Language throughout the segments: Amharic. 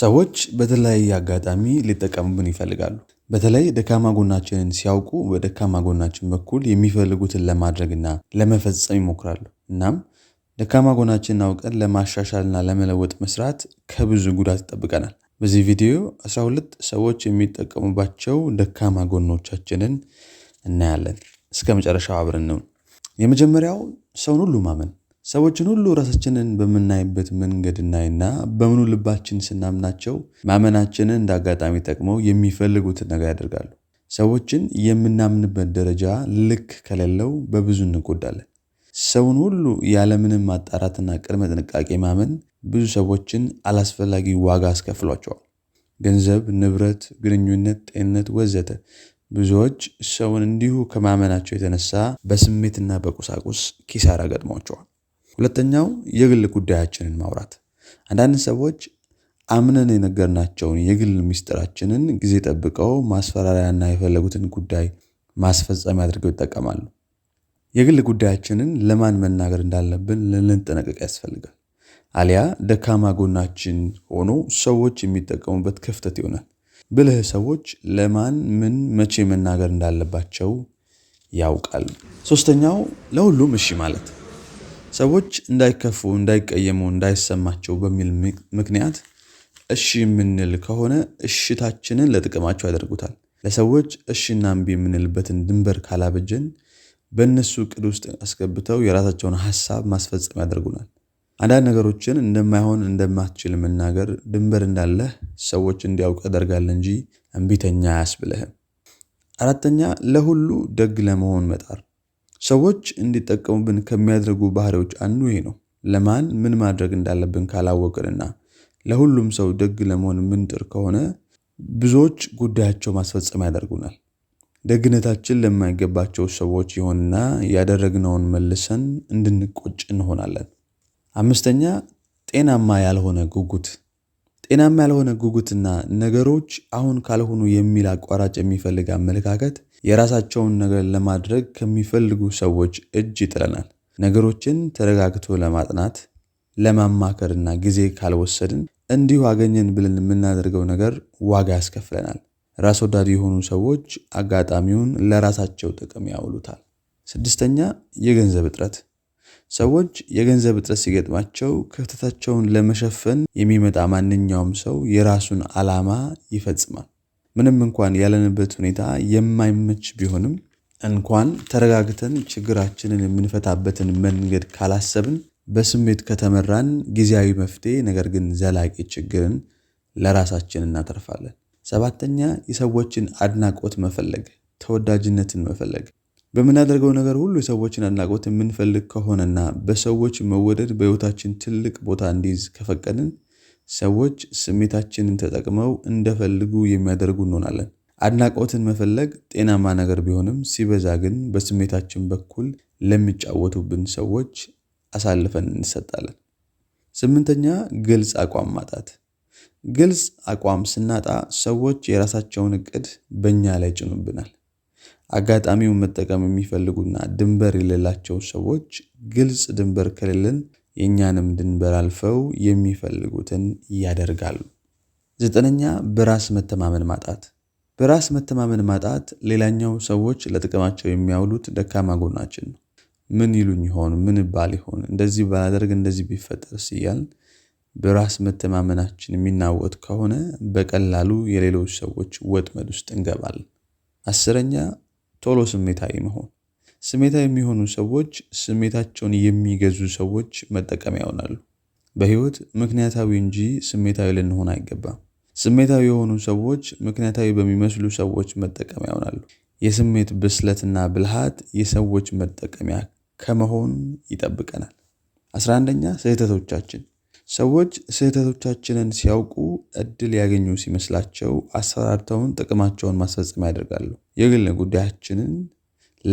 ሰዎች በተለያየ አጋጣሚ ሊጠቀሙብን ይፈልጋሉ በተለይ ደካማ ጎናችንን ሲያውቁ በደካማ ጎናችን በኩል የሚፈልጉትን ለማድረግና ለመፈጸም ይሞክራሉ እናም ደካማ ጎናችንን አውቀን ለማሻሻልና ለመለወጥ መስራት ከብዙ ጉዳት ይጠብቀናል። በዚህ ቪዲዮ 12 ሰዎች የሚጠቀሙባቸው ደካማ ጎኖቻችንን እናያለን። እስከ መጨረሻው አብረን ነው። የመጀመሪያው ሰውን ሁሉ ማመን ሰዎችን ሁሉ ራሳችንን በምናይበት መንገድ እናይና በምኑ ልባችን ስናምናቸው ማመናችንን እንደ አጋጣሚ ጠቅመው የሚፈልጉትን ነገር ያደርጋሉ። ሰዎችን የምናምንበት ደረጃ ልክ ከሌለው በብዙ እንጎዳለን። ሰውን ሁሉ ያለምንም ማጣራትና ቅድመ ጥንቃቄ ማመን ብዙ ሰዎችን አላስፈላጊ ዋጋ አስከፍሏቸዋል። ገንዘብ፣ ንብረት፣ ግንኙነት፣ ጤንነት ወዘተ ብዙዎች ሰውን እንዲሁ ከማመናቸው የተነሳ በስሜትና በቁሳቁስ ኪሳራ ገጥሟቸዋል። ሁለተኛው የግል ጉዳያችንን ማውራት አንዳንድ ሰዎች አምነን የነገርናቸውን የግል ምስጢራችንን ጊዜ ጠብቀው ማስፈራሪያና የፈለጉትን ጉዳይ ማስፈጸሚያ አድርገው ይጠቀማሉ። የግል ጉዳያችንን ለማን መናገር እንዳለብን ልንጠነቀቅ ያስፈልጋል። አሊያ ደካማ ጎናችን ሆኖ ሰዎች የሚጠቀሙበት ክፍተት ይሆናል። ብልህ ሰዎች ለማን ምን መቼ መናገር እንዳለባቸው ያውቃል። ሶስተኛው ለሁሉም እሺ ማለት ሰዎች እንዳይከፉ እንዳይቀየሙ እንዳይሰማቸው በሚል ምክንያት እሺ የምንል ከሆነ እሽታችንን ለጥቅማቸው ያደርጉታል ለሰዎች እሽና እምቢ የምንልበትን ድንበር ካላበጀን በእነሱ እቅድ ውስጥ አስገብተው የራሳቸውን ሀሳብ ማስፈጸም ያደርጉናል። አንዳንድ ነገሮችን እንደማይሆን እንደማትችል መናገር ድንበር እንዳለህ ሰዎች እንዲያውቅ ያደርጋል እንጂ እምቢተኛ አያስብልህም። አራተኛ ለሁሉ ደግ ለመሆን መጣር ሰዎች እንዲጠቀሙብን ከሚያደርጉ ባህሪዎች አንዱ ይሄ ነው። ለማን ምን ማድረግ እንዳለብን ካላወቅንና ለሁሉም ሰው ደግ ለመሆን ምንጥር ከሆነ ብዙዎች ጉዳያቸው ማስፈጸም ያደርጉናል። ደግነታችን ለማይገባቸው ሰዎች ይሆንና ያደረግነውን መልሰን እንድንቆጭ እንሆናለን። አምስተኛ ጤናማ ያልሆነ ጉጉት ጤናማ ያልሆነ ጉጉትና ነገሮች አሁን ካልሆኑ የሚል አቋራጭ የሚፈልግ አመለካከት የራሳቸውን ነገር ለማድረግ ከሚፈልጉ ሰዎች እጅ ይጥለናል። ነገሮችን ተረጋግቶ ለማጥናት ለማማከርና ጊዜ ካልወሰድን እንዲሁ አገኘን ብለን የምናደርገው ነገር ዋጋ ያስከፍለናል። ራስ ወዳድ የሆኑ ሰዎች አጋጣሚውን ለራሳቸው ጥቅም ያውሉታል። ስድስተኛ የገንዘብ እጥረት ሰዎች የገንዘብ እጥረት ሲገጥማቸው ክፍተታቸውን ለመሸፈን የሚመጣ ማንኛውም ሰው የራሱን አላማ ይፈጽማል። ምንም እንኳን ያለንበት ሁኔታ የማይመች ቢሆንም እንኳን ተረጋግተን ችግራችንን የምንፈታበትን መንገድ ካላሰብን በስሜት ከተመራን ጊዜያዊ መፍትሄ ነገር ግን ዘላቂ ችግርን ለራሳችን እናተርፋለን። ሰባተኛ የሰዎችን አድናቆት መፈለግ ተወዳጅነትን መፈለግ በምናደርገው ነገር ሁሉ የሰዎችን አድናቆት የምንፈልግ ከሆነና በሰዎች መወደድ በህይወታችን ትልቅ ቦታ እንዲይዝ ከፈቀድን ሰዎች ስሜታችንን ተጠቅመው እንደፈልጉ የሚያደርጉ እንሆናለን። አድናቆትን መፈለግ ጤናማ ነገር ቢሆንም ሲበዛ ግን በስሜታችን በኩል ለሚጫወቱብን ሰዎች አሳልፈን እንሰጣለን። ስምንተኛ ግልጽ አቋም ማጣት ግልጽ አቋም ስናጣ ሰዎች የራሳቸውን እቅድ በእኛ ላይ ጭኑብናል። አጋጣሚውን መጠቀም የሚፈልጉና ድንበር የሌላቸው ሰዎች ግልጽ ድንበር ከሌለን የእኛንም ድንበር አልፈው የሚፈልጉትን ያደርጋሉ። ዘጠነኛ በራስ መተማመን ማጣት በራስ መተማመን ማጣት ሌላኛው ሰዎች ለጥቅማቸው የሚያውሉት ደካማ ጎናችን ነው። ምን ይሉኝ ይሆን ምን ባል ይሆን እንደዚህ ባላደርግ እንደዚህ ቢፈጠር ስያል በራስ መተማመናችን የሚናወጥ ከሆነ በቀላሉ የሌሎች ሰዎች ወጥመድ ውስጥ እንገባለን። አስረኛ ቶሎ ስሜታዊ መሆን ስሜታዊ የሚሆኑ ሰዎች ስሜታቸውን የሚገዙ ሰዎች መጠቀሚያ ይሆናሉ። በህይወት ምክንያታዊ እንጂ ስሜታዊ ልንሆን አይገባም። ስሜታዊ የሆኑ ሰዎች ምክንያታዊ በሚመስሉ ሰዎች መጠቀሚያ ይሆናሉ። የስሜት ብስለትና ብልሃት የሰዎች መጠቀሚያ ከመሆን ይጠብቀናል። አስራ አንደኛ ስህተቶቻችን ሰዎች ስህተቶቻችንን ሲያውቁ እድል ያገኙ ሲመስላቸው አሰራርተውን ጥቅማቸውን ማስፈጸም ያደርጋሉ። የግል ጉዳያችንን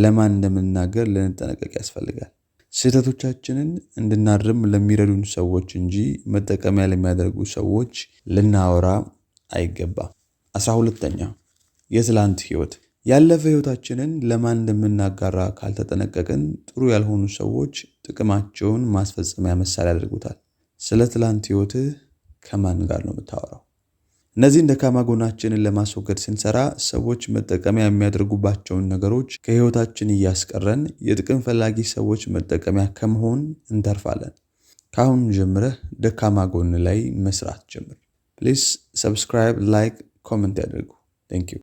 ለማን እንደምንናገር ልንጠነቀቅ ያስፈልጋል። ስህተቶቻችንን እንድናርም ለሚረዱን ሰዎች እንጂ መጠቀሚያ ለሚያደርጉ ሰዎች ልናወራ አይገባም። አስራ ሁለተኛ የትላንት ህይወት ያለፈ ህይወታችንን ለማን እንደምናጋራ ካልተጠነቀቅን ጥሩ ያልሆኑ ሰዎች ጥቅማቸውን ማስፈጸሚያ መሳሪያ ያደርጉታል። ስለ ትላንት ህይወትህ ከማን ጋር ነው የምታወራው? እነዚህን ደካማ ጎናችንን ለማስወገድ ስንሰራ ሰዎች መጠቀሚያ የሚያደርጉባቸውን ነገሮች ከህይወታችን እያስቀረን የጥቅም ፈላጊ ሰዎች መጠቀሚያ ከመሆን እንተርፋለን። ከአሁን ጀምረህ ደካማ ጎን ላይ መስራት ጀምር። ፕሊስ ሰብስክራይብ፣ ላይክ፣ ኮመንት ያደርጉ። ቴንክ ዩ